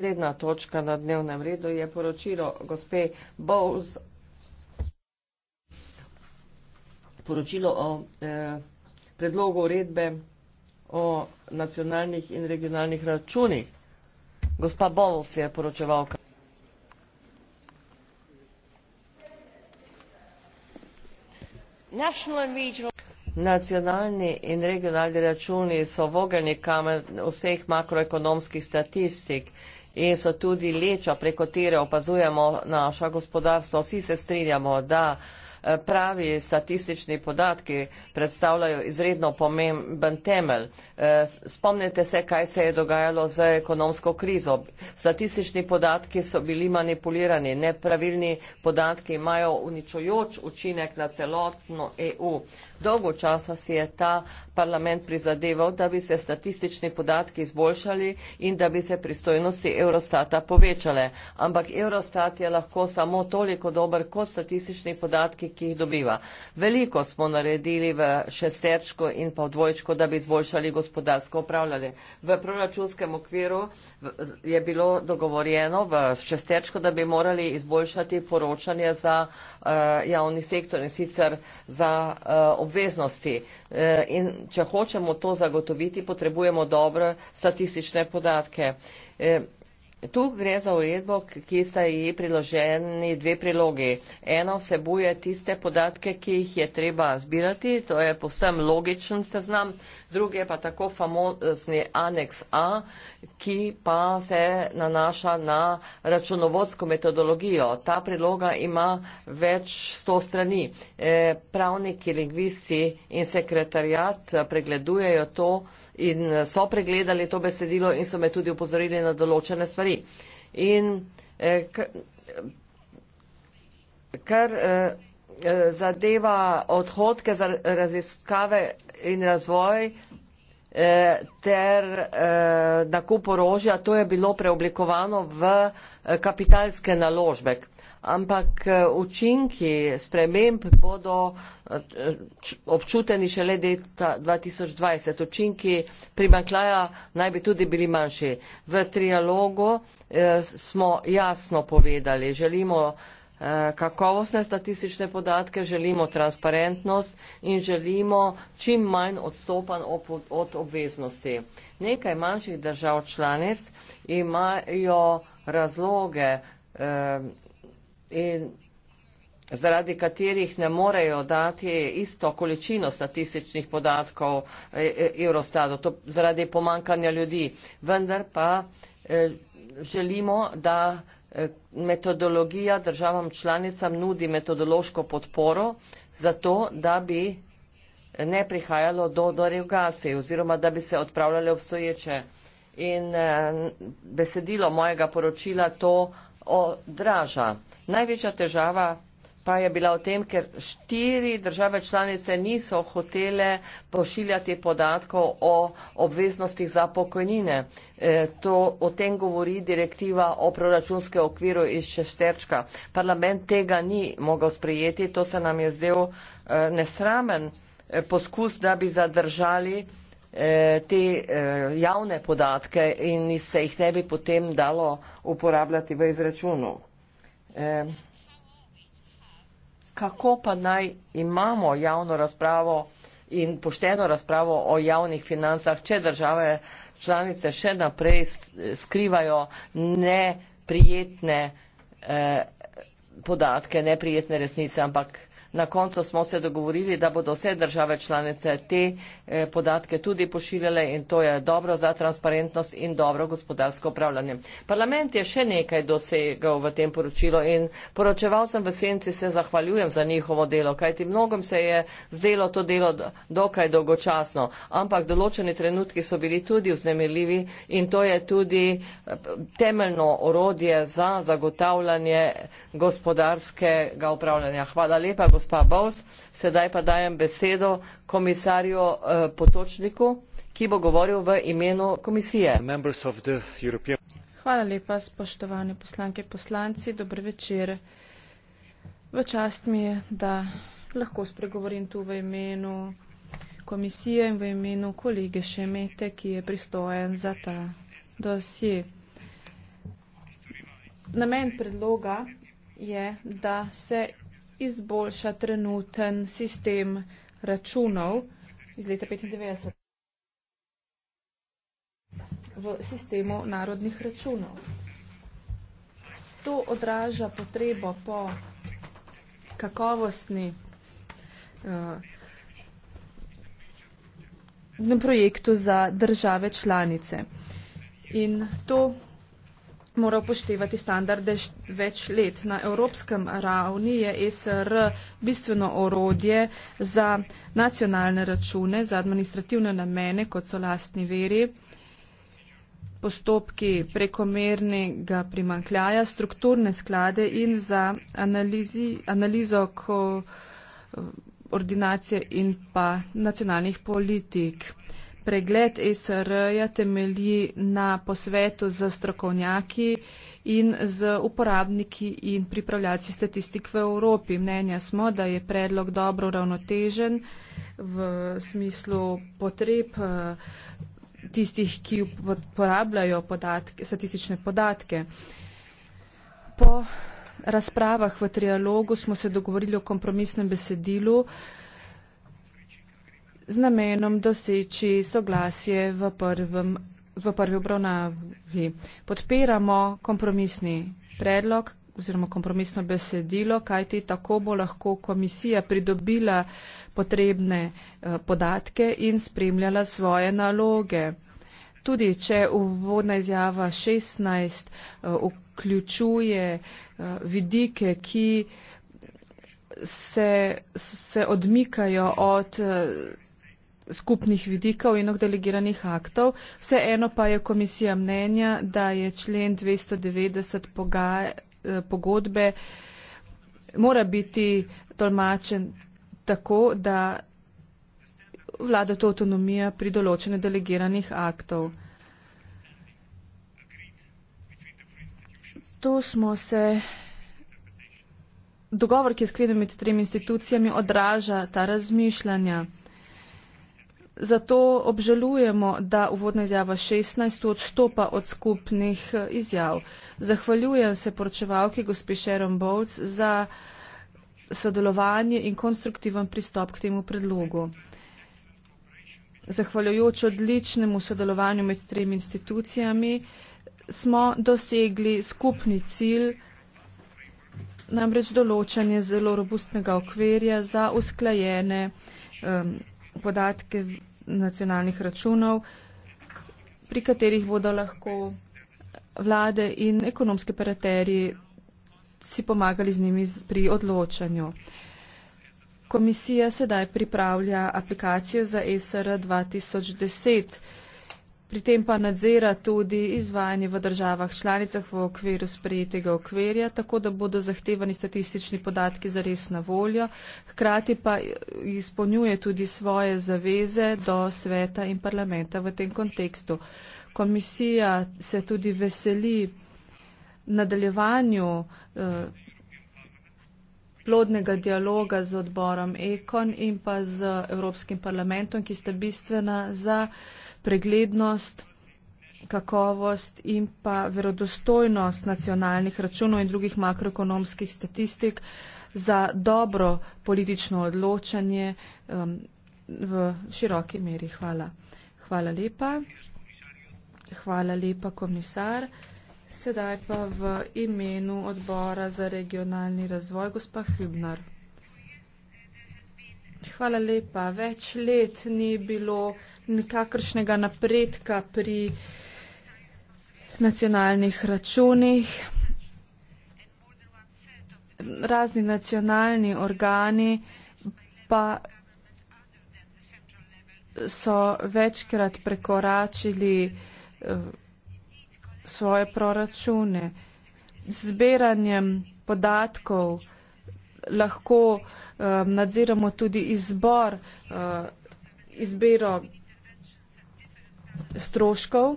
Sredna točka na dnevnem redu je poročilo gospe Bowles. Poročilo o eh, predlogu uredbe o nacionalnih in regionalnih računih. Gospa Bowles je poročevalka. Nacionalni in regionalni računi so vogeni kamen vseh makroekonomskih statistik in so tudi leča, preko katere opazujemo naša gospodarstva. Vsi se strinjamo, da uh, Eh, pravi statistični podatki predstavljajo izredno pomemben temelj. Eh, spomnite se, kaj se je dogajalo z ekonomsko krizo. Statistični podatki so bili manipulirani, nepravilni podatki imajo uničujoč učinek na celotno EU. Dolgo časa si je ta parlament prizadeval, da bi se statistični podatki izboljšali in da bi se pristojnosti Eurostata povečale. Ampak Eurostat je lahko samo toliko dober kot statistični podatki, ki jih dobiva. Veliko smo naredili v šestečku in pa v dvojčku, da bi izboljšali gospodarsko upravljanje. V proračunskem okviru je bilo dogovorjeno v šestečku, da bi morali izboljšati poročanje za uh, javni sektor in sicer za uh, obveznosti. Uh, in če hočemo to zagotoviti, potrebujemo dobre statistične podatke. Uh, Tu gre za uredbo, ki sta ji priloženi dve prilogi. Eno vsebuje tiste podatke, ki jih je treba zbirati, to je posem logičen seznam, druge pa tako famozni aneks A, ki pa se nanaša na računovodsko metodologijo. Ta priloga ima več sto strani. E, pravniki, lingvisti in sekretarjat pregledujejo to in so pregledali to besedilo in so me tudi upozorili na določene stvari. In e, kar e, zadeva odhodke za raziskave in razvoj, ter eh, nakup orožja, to je bilo preoblikovano v eh, kapitalske naložbe. Ampak eh, učinki sprememb bodo občuteni šele leta 2020. Učinki primanklaja naj bi tudi bili manjši. V trialogu smo jasno povedali, želimo Eh, kakovostne statistične podatke, želimo transparentnost in želimo čim manj odstopan od obveznosti. Nekaj manjših držav članic imajo razloge eh, in zaradi katerih ne morejo dati isto količino statističnih podatkov eh, Eurostatu, to zaradi pomankanja ljudi. Vendar pa želimo, da metodologija državam članicam nudi metodološko podporo za to, da bi ne prihajalo do derogacij oziroma da bi se odpravljale obstoječe. In eh, besedilo mojega poročila to odraža. Največja težava pa je bila v tem, ker štiri države članice niso hotele pošiljati podatkov o obveznostih za pokojnine. E, to, o tem govori direktiva o proračunske okviru iz Šesterčka. Parlament tega ni mogel sprejeti, to se nam je zdel e, nesramen e, poskus, da bi zadržali e, te e, javne podatke in se jih ne bi potem dalo uporabljati v izračunu. E, kako pa naj imamo javno razpravo in pošteno razpravo o javnih financah, če države članice še naprej skrivajo neprijetne eh, podatke, neprijetne resnice, ampak Na koncu smo se dogovorili, da bodo vse države članice te eh, podatke tudi pošiljale in to je dobro za transparentnost in dobro gospodarsko upravljanje. Parlament je še nekaj dosegal v tem poročilu in poročeval sem v senci, se zahvaljujem za njihovo delo, kajti mnogom se je zdelo to delo dokaj dolgočasno, ampak določeni trenutki so bili tudi vznemirljivi in to je tudi eh, temeljno orodje za zagotavljanje gospodarskega upravljanja. Hvala lepa. Gospod gospa Bovs. Sedaj pa dajem besedo komisarju eh, Potočniku, ki bo govoril v imenu komisije. Hvala lepa, spoštovane poslanke in poslanci. Dobro večer. V čast mi je, da lahko spregovorim tu v imenu komisije in v imenu kolege Šemete, ki je pristojen za ta dosje. Namen predloga je, da se izboljša trenuten sistem računov iz leta 1995 v sistemu narodnih računov. To odraža potrebo po kakovostni uh, projektu za države članice. In to mora upoštevati standarde več let. Na evropskem ravni je SR bistveno orodje za nacionalne račune, za administrativne namene, kot so lastni veri, postopki prekomernega primankljaja, strukturne sklade in za analizi, analizo ko, eh, ordinacije in pa nacionalnih politik pregled SR-ja temelji na posvetu z strokovnjaki in z uporabniki in pripravljalci statistik v Evropi. Mnenja smo, da je predlog dobro ravnotežen v smislu potreb eh, tistih, ki uporabljajo podatke, statistične podatke. Po razpravah v trialogu smo se dogovorili o kompromisnem besedilu, z namenom doseči soglasje v, prvem, v prvi obravnavi. Podpiramo kompromisni predlog oziroma kompromisno besedilo, kajti tako bo lahko komisija pridobila potrebne eh, podatke in spremljala svoje naloge. Tudi če uvodna izjava 16 eh, vključuje eh, vidike, ki se, se odmikajo od eh, skupnih vidikov in od delegiranih aktov. Vseeno pa je komisija mnenja, da je člen 290 eh, pogodbe mora biti tolmačen tako, da vlada to avtonomija pri določene delegiranih aktov. Tu smo se dogovor, ki je sklenjen med tremi institucijami, odraža ta razmišljanja. Zato obžalujemo, da uvodna izjava 16 odstopa od skupnih eh, izjav. Zahvaljujem se poročevalki gospe Sharon Bowles za sodelovanje in konstruktiven pristop k temu predlogu. Zahvaljujoč odličnemu sodelovanju med tremi institucijami smo dosegli skupni cilj, namreč določanje zelo robustnega okvirja za usklajene um, podatke nacionalnih računov, pri katerih bodo lahko vlade in ekonomski operaterji si pomagali z njimi pri odločanju. Komisija sedaj pripravlja aplikacijo za e ESR 2010 pri tem pa nadzira tudi izvajanje v državah članicah v okviru sprejetega okvirja, tako da bodo zahtevani statistični podatki zares na voljo, hkrati pa izpolnjuje tudi svoje zaveze do sveta in parlamenta v tem kontekstu. Komisija se tudi veseli nadaljevanju eh, plodnega dialoga z odborom Ekon in pa z Evropskim parlamentom, ki sta bistvena za preglednost, kakovost in pa verodostojnost nacionalnih računov in drugih makroekonomskih statistik za dobro politično odločanje um, v široki meri. Hvala. Hvala lepa. Hvala lepa, komisar. Sedaj pa v imenu odbora za regionalni razvoj, gospa Hübner. Hvala lepa. Več let ni bilo nikakršnega napredka pri nacionalnih računih. Razni nacionalni organi pa so večkrat prekoračili eh, svoje proračune. Zbiranjem podatkov lahko nadziramo tudi izbor, eh, izbiro stroškov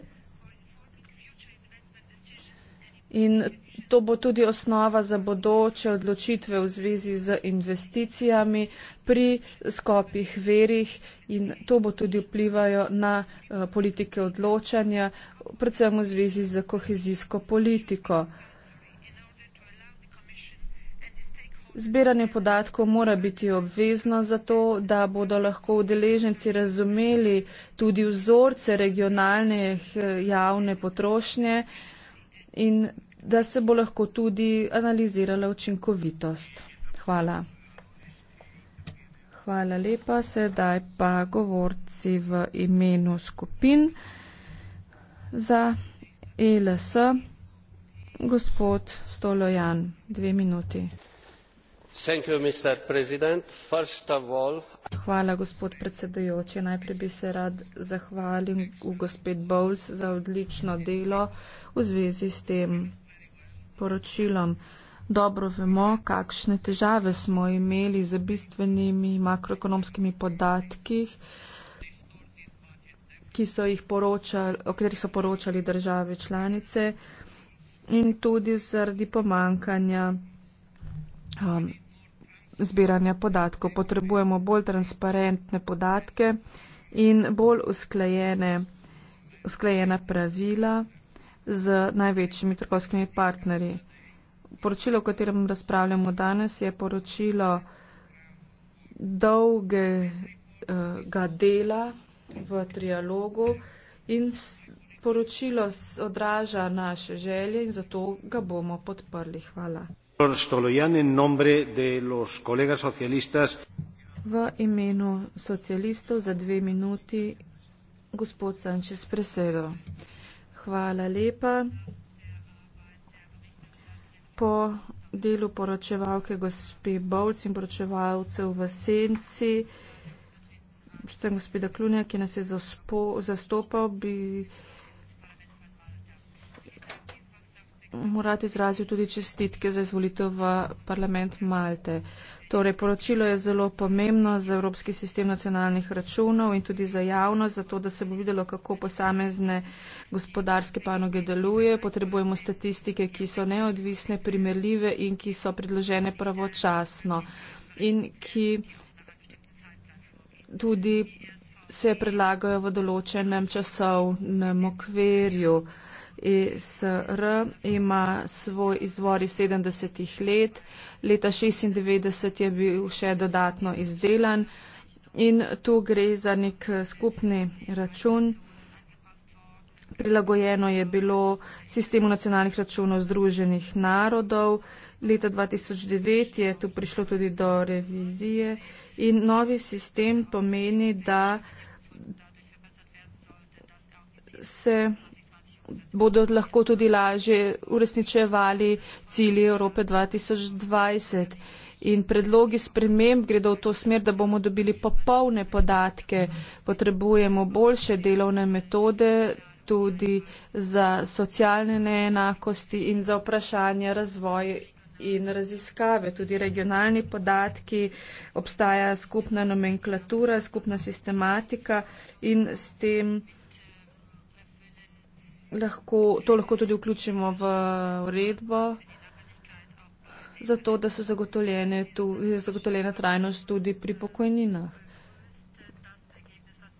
in to bo tudi osnova za bodoče odločitve v zvezi z investicijami pri skopih verih in to bo tudi vplivajo na eh, politike odločanja, predvsem v zvezi z kohezijsko politiko. Zbiranje podatkov mora biti obvezno zato, da bodo lahko udeleženci razumeli tudi vzorce regionalne eh, javne potrošnje in da se bo lahko tudi analizirala učinkovitost. Hvala. Hvala lepa. Sedaj pa govorci v imenu skupin za ELS. Gospod Stolojan, dve minuti. Hvala, gospod predsedujoči. Najprej bi se rad zahvalil gospod Bowles za odlično delo v zvezi s tem poročilom. Dobro vemo, kakšne težave smo imeli z bistvenimi makroekonomskimi podatki, o katerih so poročali države članice in tudi zaradi pomankanja. Um, zbiranja podatkov. Potrebujemo bolj transparentne podatke in bolj usklajene, usklajena pravila z največjimi trgovskimi partnerji. Poročilo, o katerem razpravljamo danes, je poročilo dolgega dela v trialogu in poročilo odraža naše želje in zato ga bomo podprli. Hvala. V imenu socialistov za dve minuti gospod Sančes presedo. Hvala lepa. Po delu poročevalke gospe Bolc in poročevalcev v Senci, predvsem gospoda Klunja, ki nas je zaspo, zastopal, bi. Morat izrazil tudi čestitke za izvolitev v parlament Malte. Torej, poročilo je zelo pomembno za evropski sistem nacionalnih računov in tudi za javnost, zato da se bo videlo, kako posamezne gospodarske panoge delujejo. Potrebujemo statistike, ki so neodvisne, primerljive in ki so predložene pravočasno in ki tudi se predlagajo v določenem časovnem okverju. ESR ima svoj izvor iz 70-ih let, leta 96 je bil še dodatno izdelan in tu gre za nek eh, skupni račun. Prilagojeno je bilo sistemu nacionalnih računov Združenih narodov. Leta 2009 je tu prišlo tudi do revizije in novi sistem pomeni, da se bodo lahko tudi lažje uresničevali cilje Evrope 2020. In predlogi sprememb gredo v to smer, da bomo dobili popolne podatke. Potrebujemo boljše delovne metode tudi za socialne neenakosti in za vprašanje razvoja in raziskave, tudi regionalni podatki, obstaja skupna nomenklatura, skupna sistematika in s tem lahko, to lahko tudi vključimo v uredbo, zato da so zagotovljene trajnost tudi pri pokojninah.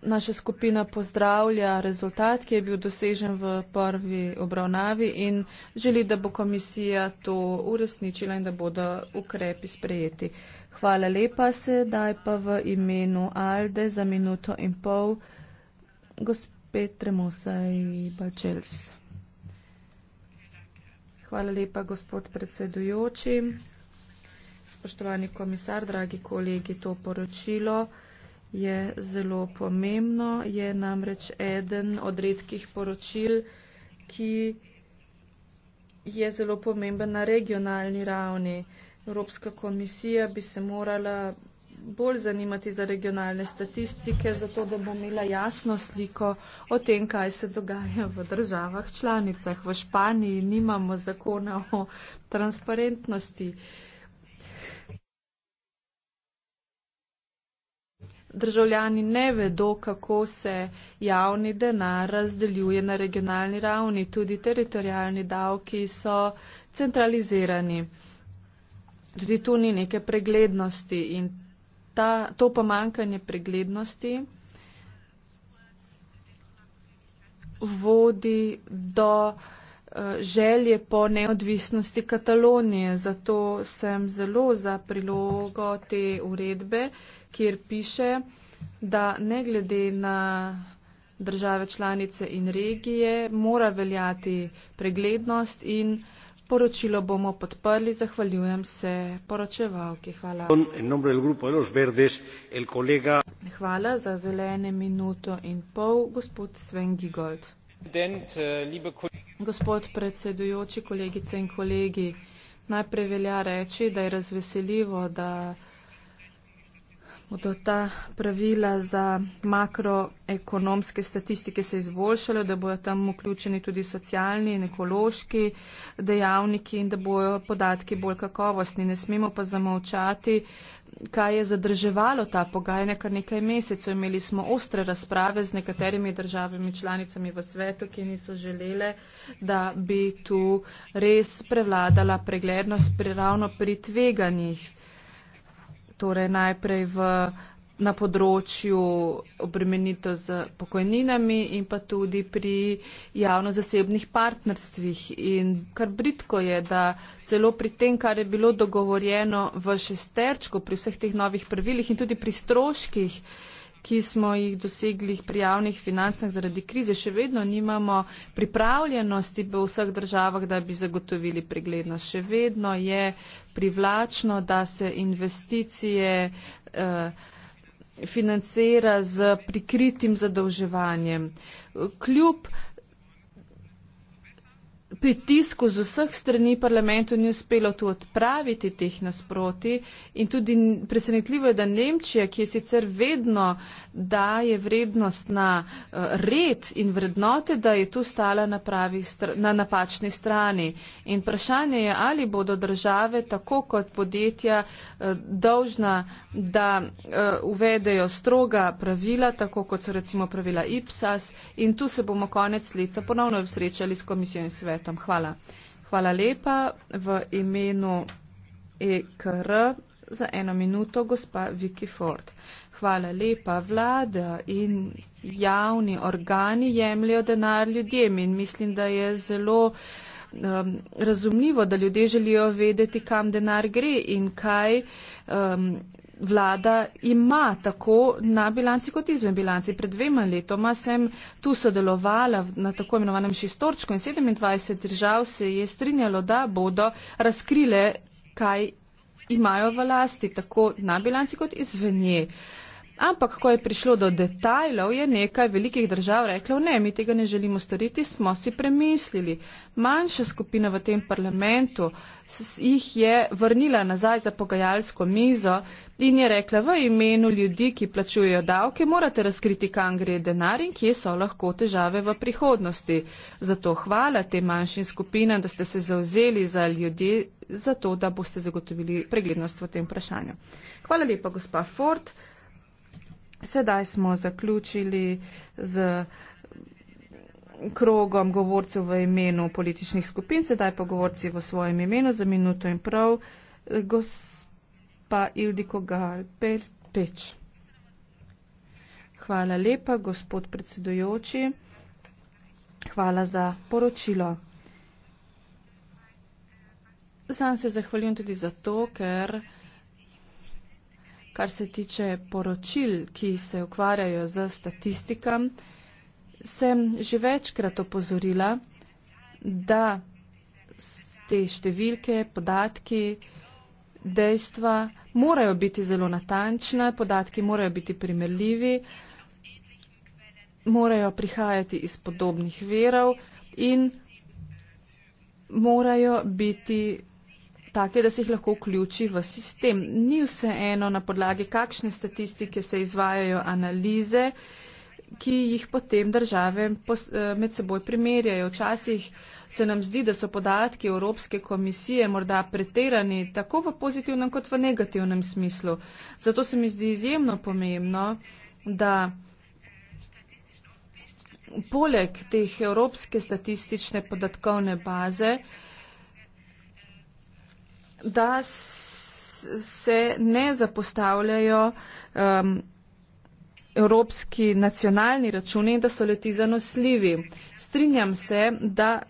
Naša skupina pozdravlja rezultat, ki je bil dosežen v prvi obravnavi in želi, da bo komisija to uresničila in da bodo ukrepi sprejeti. Hvala lepa se, daj pa v imenu Alde za minuto in pol. Gospod Petremusa i Bačels. Hvala lepa, gospod predsedujoči. Spoštovani komisar, dragi kolegi, to poročilo je zelo pomembno. Je namreč eden od redkih poročil, ki je zelo pomemben na regionalni ravni. Evropska komisija bi se morala bolj zanimati za regionalne statistike, zato da bom imela jasno sliko o tem, kaj se dogaja v državah članicah. V Španiji nimamo zakona o transparentnosti. Državljani ne vedo, kako se javni denar razdeljuje na regionalni ravni. Tudi teritorijalni davki so centralizirani. Tudi tu ni neke preglednosti in ta, to pomankanje preglednosti vodi do eh, želje po neodvisnosti Katalonije. Zato sem zelo za prilogo te uredbe, kjer piše, da ne glede na države članice in regije, mora veljati preglednost in preglednost. Poročilo bomo podprli, zahvaljujem se poročevalki. Hvala. Hvala za zelene minuto in pol, gospod Sven Gigold. Eh, gospod predsedujoči, kolegice in kolegi, najprej velja reči, da je razveseljivo, da bodo ta pravila za makroekonomske statistike se izboljšale, da bojo tam vključeni tudi socialni in ekološki dejavniki in da bojo podatki bolj kakovostni. Ne smemo pa zamovčati, kaj je zadrževalo ta pogajanja kar nekaj mesecev. Imeli smo ostre razprave z nekaterimi državami članicami v svetu, ki niso želele, da bi tu res prevladala preglednost pri ravno pri tveganjih torej najprej v, na področju obremenitev z pokojninami in pa tudi pri javno-zasebnih partnerstvih. In kar britko je, da celo pri tem, kar je bilo dogovorjeno v šesterčku, pri vseh teh novih pravilih in tudi pri stroških, ki smo jih dosegli pri javnih financah zaradi krize, še vedno nimamo pripravljenosti v vseh državah, da bi zagotovili preglednost. Še vedno je privlačno, da se investicije eh, financira z prikritim zadolževanjem. Kljub pritisku z vseh strani parlamentu ni uspelo tu odpraviti teh nasproti in tudi presenetljivo je, da Nemčija, ki je sicer vedno daje vrednost na eh, red in vrednote, da je tu stala na, pravi, na napačni strani. In vprašanje je, ali bodo države tako kot podjetja eh, dolžna, da eh, uvedejo stroga pravila, tako kot so recimo pravila IPSAS in tu se bomo konec leta ponovno srečali s komisijo in svetom minutam. Hvala. Hvala lepa. V imenu EKR za eno minuto gospa Vicky Ford. Hvala lepa. Vlada in javni organi jemljajo denar ljudem in mislim, da je zelo um, razumljivo, da ljudje želijo vedeti, kam denar gre in kaj um, vlada ima tako na bilanci kot izven bilanci. Pred dvema letoma sem tu sodelovala na tako imenovanem šestorčku in 27 držav se je strinjalo, da bodo razkrile, kaj imajo v lasti tako na bilanci kot izven nje. Uh, Ampak, ko je prišlo do detajlov, je nekaj velikih držav reklo, ne, mi tega ne želimo storiti, smo si premislili. Manjša skupina v tem parlamentu jih je vrnila nazaj za pogajalsko mizo in je rekla, v imenu ljudi, ki plačujejo davke, morate razkriti, kam gre denar in kje so lahko težave v prihodnosti. Zato hvala te manjšim skupinam, da ste se zauzeli za ljudi, zato da boste zagotovili preglednost v tem vprašanju. Hvala lepa, gospa Ford. Sedaj smo zaključili z krogom govorcev v imenu političnih skupin, sedaj pa govorci v svojem imenu za minuto in prav. Gospa Ildiko Galpeč. Hvala lepa, gospod predsedujoči. Hvala za poročilo. Sam se zahvaljujem tudi zato, ker kar se tiče poročil, ki se ukvarjajo z statistikam, sem že večkrat opozorila, da te številke, podatki, dejstva morajo biti zelo natančne, podatki morajo biti primerljivi, morajo prihajati iz podobnih verov in morajo biti take, da se jih lahko vključi v sistem. Ni vse eno na podlagi kakšne statistike se izvajajo analize, ki jih potem države eh, med seboj primerjajo. Včasih se nam zdi, da so podatki Evropske komisije morda preterani tako v pozitivnem kot v negativnem smislu. Zato se mi zdi izjemno pomembno, da poleg teh Evropske statistične podatkovne baze, da se ne zapostavljajo um, evropski nacionalni računi in da so leti zanosljivi. Strinjam se, da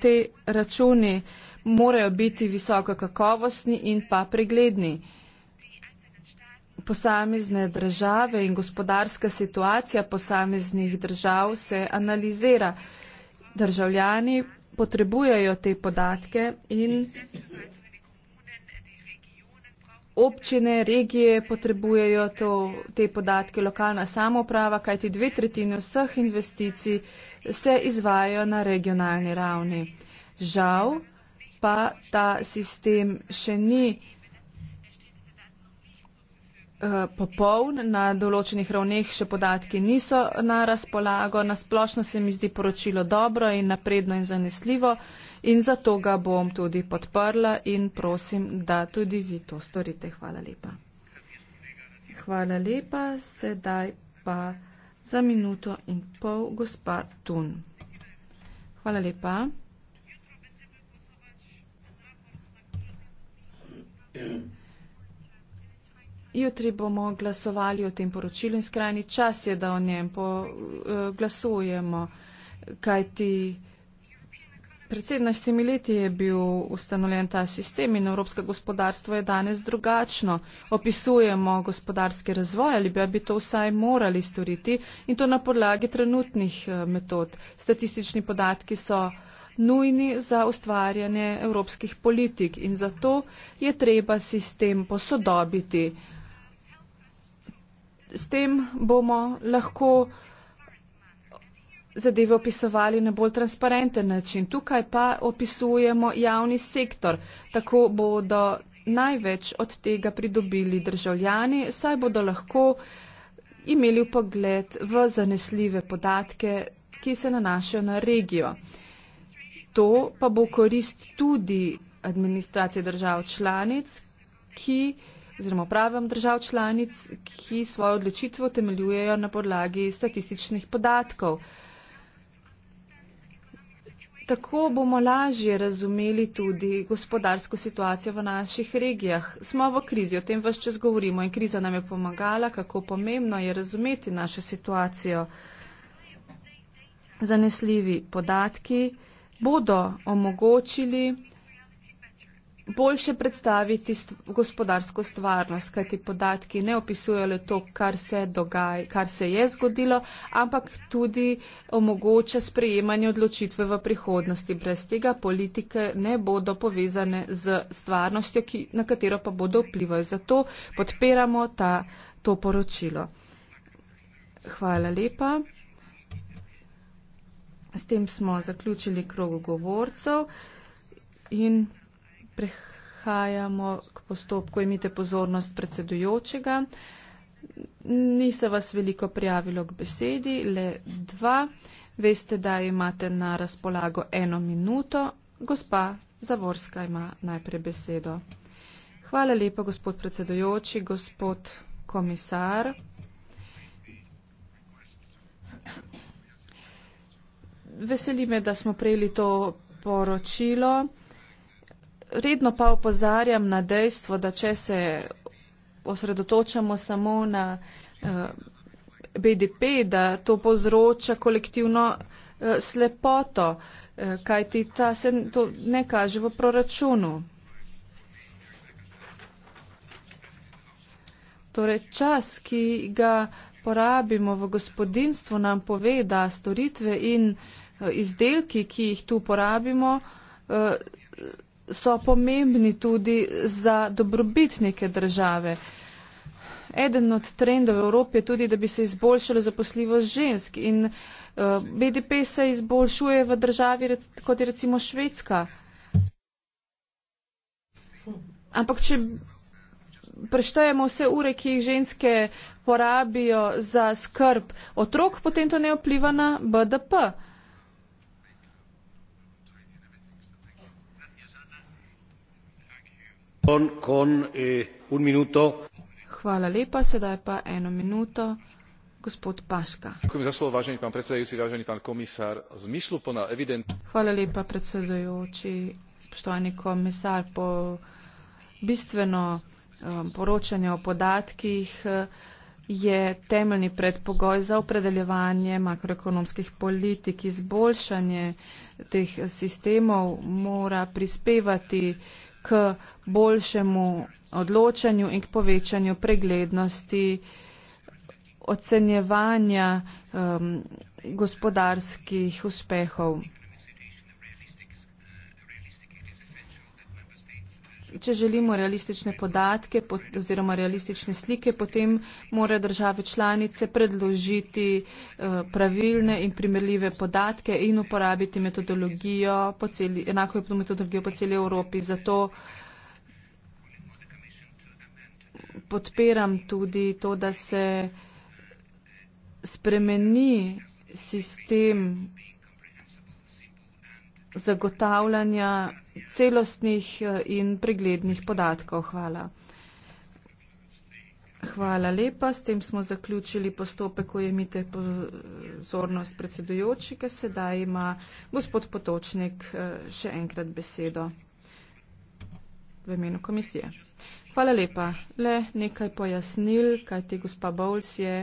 te računi morajo biti visoko kakovostni in pa pregledni. Posamezne države in gospodarska situacija posameznih držav se analizira. Državljani potrebujejo te podatke in občine, regije potrebujejo to, te podatke, lokalna samoprava, kajti dve tretjine vseh investicij se izvajo na regionalni ravni. Žal pa ta sistem še ni Eh, popoln, na določenih ravneh še podatki niso na razpolago. Nasplošno se mi zdi poročilo dobro in napredno in zanesljivo in zato ga bom tudi podprla in prosim, da tudi vi to storite. Hvala lepa. Hvala lepa, sedaj pa za minuto in pol gospa Tun. Hvala lepa. Yeah. jutri bomo glasovali o tem poročilu in skrajni čas je, da o njem po, uh, glasujemo, kajti pred 17 leti je bil ustanovljen ta sistem in evropsko gospodarstvo je danes drugačno. Opisujemo gospodarski razvoj ali bi, bi to vsaj morali storiti in to na podlagi trenutnih eh, metod. Statistični podatki so nujni za ustvarjanje evropskih politik in zato je treba sistem posodobiti s tem bomo lahko zadeve opisovali na bolj transparenten način. Tukaj pa opisujemo javni sektor. Tako bodo največ od tega pridobili državljani, saj bodo lahko imeli pogled v zanesljive podatke, ki se nanašajo na regijo. To pa bo korist tudi administracije držav članic, ki oziroma pravem držav članic, ki svojo odločitvo temeljujejo na podlagi statističnih podatkov. Tako bomo lažje razumeli tudi gospodarsko situacijo v naših regijah. Smo v krizi, o tem vse čas govorimo in kriza nam je pomagala, kako pomembno je razumeti našo situacijo. Zanesljivi podatki bodo omogočili boljše predstaviti st gospodarsko stvarnost, kajti podatki ne opisujejo le to, kar se, dogaj, kar se je zgodilo, ampak tudi omogoča sprejemanje odločitve v prihodnosti. Brez tega politike ne bodo povezane z stvarnostjo, ki, na katero pa bodo vplivali. Zato podpiramo ta, to poročilo. Hvala lepa. S tem smo zaključili krog govorcev in Prehajamo k postopku. Imite pozornost predsedujočega. Ni se vas veliko prijavilo k besedi, le dva. Veste, da imate na razpolago eno minuto. Gospa Zavorska ima najprej besedo. Hvala lepa, gospod predsedujoči, gospod komisar. Veseli me, da smo prejeli to poročilo redno pa opozarjam na dejstvo, da če se osredotočamo samo na uh, eh, BDP, da to povzroča kolektivno uh, slepoto, uh, eh, kaj ti ta se to ne kaže v proračunu. Torej, čas, ki ga porabimo v gospodinstvu, nam pove, da storitve in uh, izdelki, ki jih tu porabimo, uh, so pomembni tudi za dobrobit neke države. Eden od trendov v Evropi je tudi, da bi se izboljšala zaposljivost žensk in uh, eh, BDP se izboljšuje v državi, kot je recimo Švedska. Ampak če preštejemo vse ure, ki jih ženske porabijo za skrb otrok, potem to ne vpliva na BDP. Uh, Eh, Hvala lepa, sedaj pa eno minuto. Gospod Paška. Ďakujem za slovo, vážený pán predsedajúci, vážený pán komisár. Zmyslu plná evident... Hvala lepa, predsedajúci, spoštovani komisár, po bistveno um, poročanje o podatkih eh, je temeljni predpogoj za opredeljevanje makroekonomskih politik. Izboljšanje teh eh, sistemov mora prispevati uh, k boljšemu odločanju in k povečanju preglednosti ocenjevanja um, gospodarskih uspehov. če želimo realistične podatke po, oziroma realistične slike, potem morajo države članice predložiti eh, pravilne in primerljive podatke in uporabiti metodologijo, po celi, enako je po metodologijo po celi Evropi. Zato podpiram tudi to, da se spremeni sistem zagotavljanja celostnih eh, in preglednih podatkov. Hvala. Hvala lepa. S tem smo zaključili postopek, ko je imite pozornost predsedujoči, ker sedaj ima gospod Potočnik eh, še enkrat besedo v imenu komisije. Hvala lepa. Le nekaj pojasnil, kajti gospa Bowles je.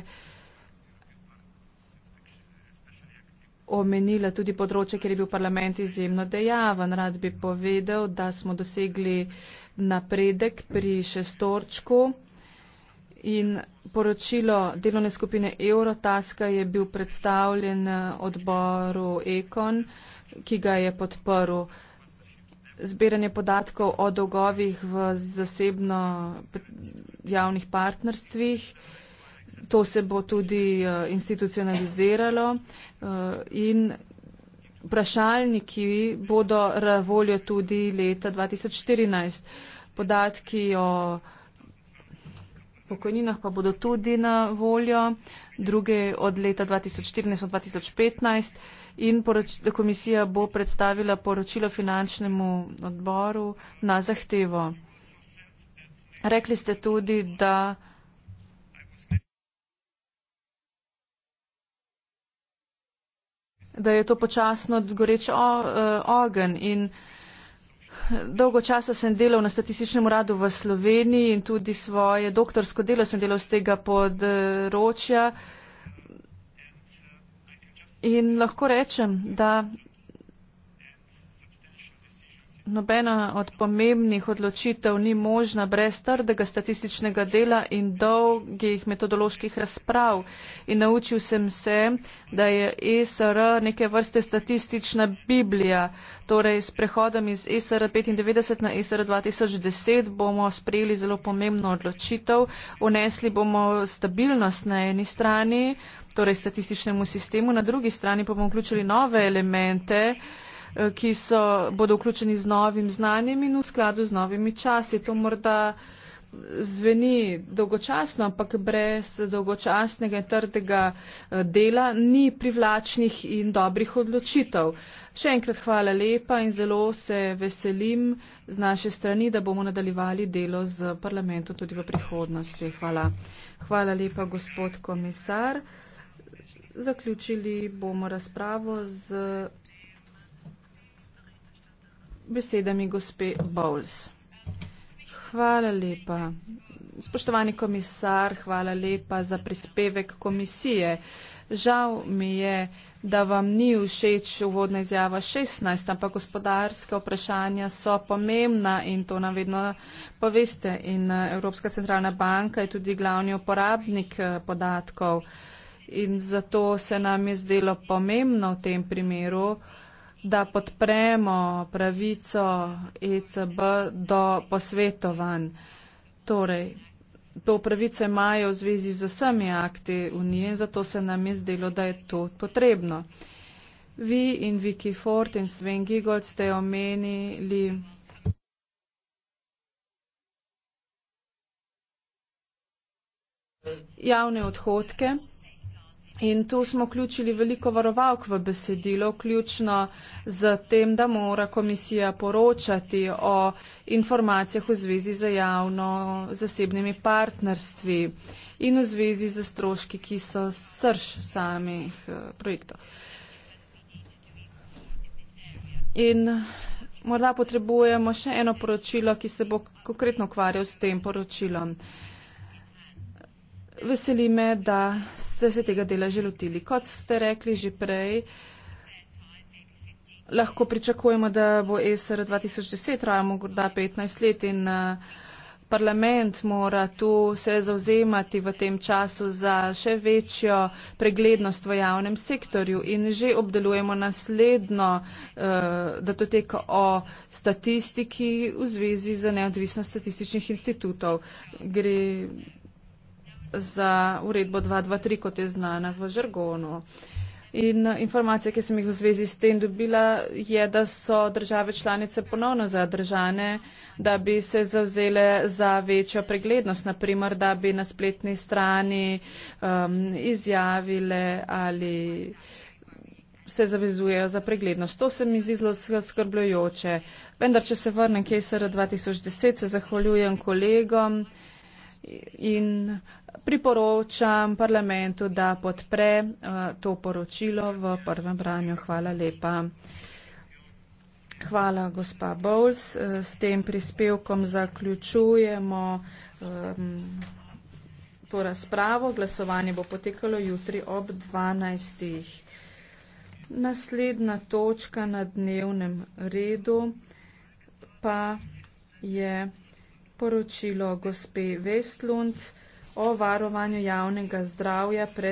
omenila tudi področje, kjer je bil parlament izjemno dejaven. Rad bi povedal, da smo dosegli napredek pri šestorčku in poročilo delovne skupine Eurotaska je bil predstavljen odboru Ekon, ki ga je podprl. Zbiranje podatkov o dolgovih v zasebno javnih partnerstvih. To se bo tudi eh, institucionaliziralo eh, in vprašalniki bodo na voljo tudi leta 2014. Podatki o pokojninah pa bodo tudi na voljo, druge od leta 2014 do 2015 in komisija bo predstavila poročilo finančnemu odboru na zahtevo. Rekli ste tudi, da da je to počasno goreč o, eh, ogen. In eh, dolgo časa sem delal na statističnem uradu v Sloveniji in tudi svoje doktorsko delo sem delal z tega področja. In lahko rečem, da Nobena od pomembnih odločitev ni možna brez trdega statističnega dela in dolgih metodoloških razprav. In naučil sem se, da je ESR neke vrste statistična biblija. Torej, s prehodom iz e ESR 95 na e ESR 2010 bomo sprejeli zelo pomembno odločitev. Unesli bomo stabilnost na eni strani, torej statističnemu sistemu, na drugi strani pa bomo vključili nove elemente. Eh, ki so, bodo vključeni z novim znanjem in v skladu z novimi časi. To morda zveni dolgočasno, ampak brez dolgočasnega in trdega eh, dela ni privlačnih in dobrih odločitev. Še enkrat hvala lepa in zelo se veselim z naše strani, da bomo nadaljevali delo z parlamentom tudi v prihodnosti. Hvala. Hvala lepa, gospod komisar. Zaključili bomo razpravo z besedami gospe Bowles. Hvala lepa. Spoštovani komisar, hvala lepa za prispevek komisije. Žal mi je, da vam ni všeč uvodna izjava 16, ampak gospodarske vprašanja so pomembna in to nam vedno poveste. In eh, Evropska centralna banka je tudi glavni uporabnik eh, podatkov in zato se nam je zdelo pomembno v tem primeru, da podpremo pravico ECB do posvetovanj. Torej, to pravico imajo v zvezi z vsemi akti unije, zato se nam je zdelo, da je to potrebno. Vi in Viki Ford in Sven Gigold ste omenili. Javne odhodke. In tu smo vključili veliko varovalk v besedilo, vključno z tem, da mora komisija poročati o informacijah v zvezi z javno-zasebnimi partnerstvi in v zvezi z stroški, ki so srž samih eh, projektov. In morda potrebujemo še eno poročilo, ki se bo konkretno ukvarjal s tem poročilom. Veseli me, da ste se tega dela že lotili. Kot ste rekli že prej, lahko pričakujemo, da bo ESR 2010 trajal morda 15 let in eh, parlament mora tu se zauzemati v tem času za še večjo preglednost v javnem sektorju in že obdelujemo naslednjo uh, datoteko o statistiki v zvezi z neodvisnost statističnih institutov. Gre za uredbo 223, kot je znana v žargonu. In eh, informacije, ki sem jih v zvezi s tem dobila, je, da so države članice ponovno zadržane, da bi se zavzele za večjo preglednost, naprimer, da bi na spletni strani um, izjavile ali se zavezujejo za preglednost. To se mi zdi zelo skrbljujoče. Vendar, če se vrnem KSR 2010, se zahvaljujem kolegom in priporočam parlamentu, da podpre eh, to poročilo v prvem branju. Hvala lepa. Hvala, gospa Bowles. Eh, s tem prispevkom zaključujemo ehm, to razpravo. Glasovanje bo potekalo jutri ob 12. Naslednja točka na dnevnem redu pa je poročilo gospe Vestlund o varovanju javnega zdravja pred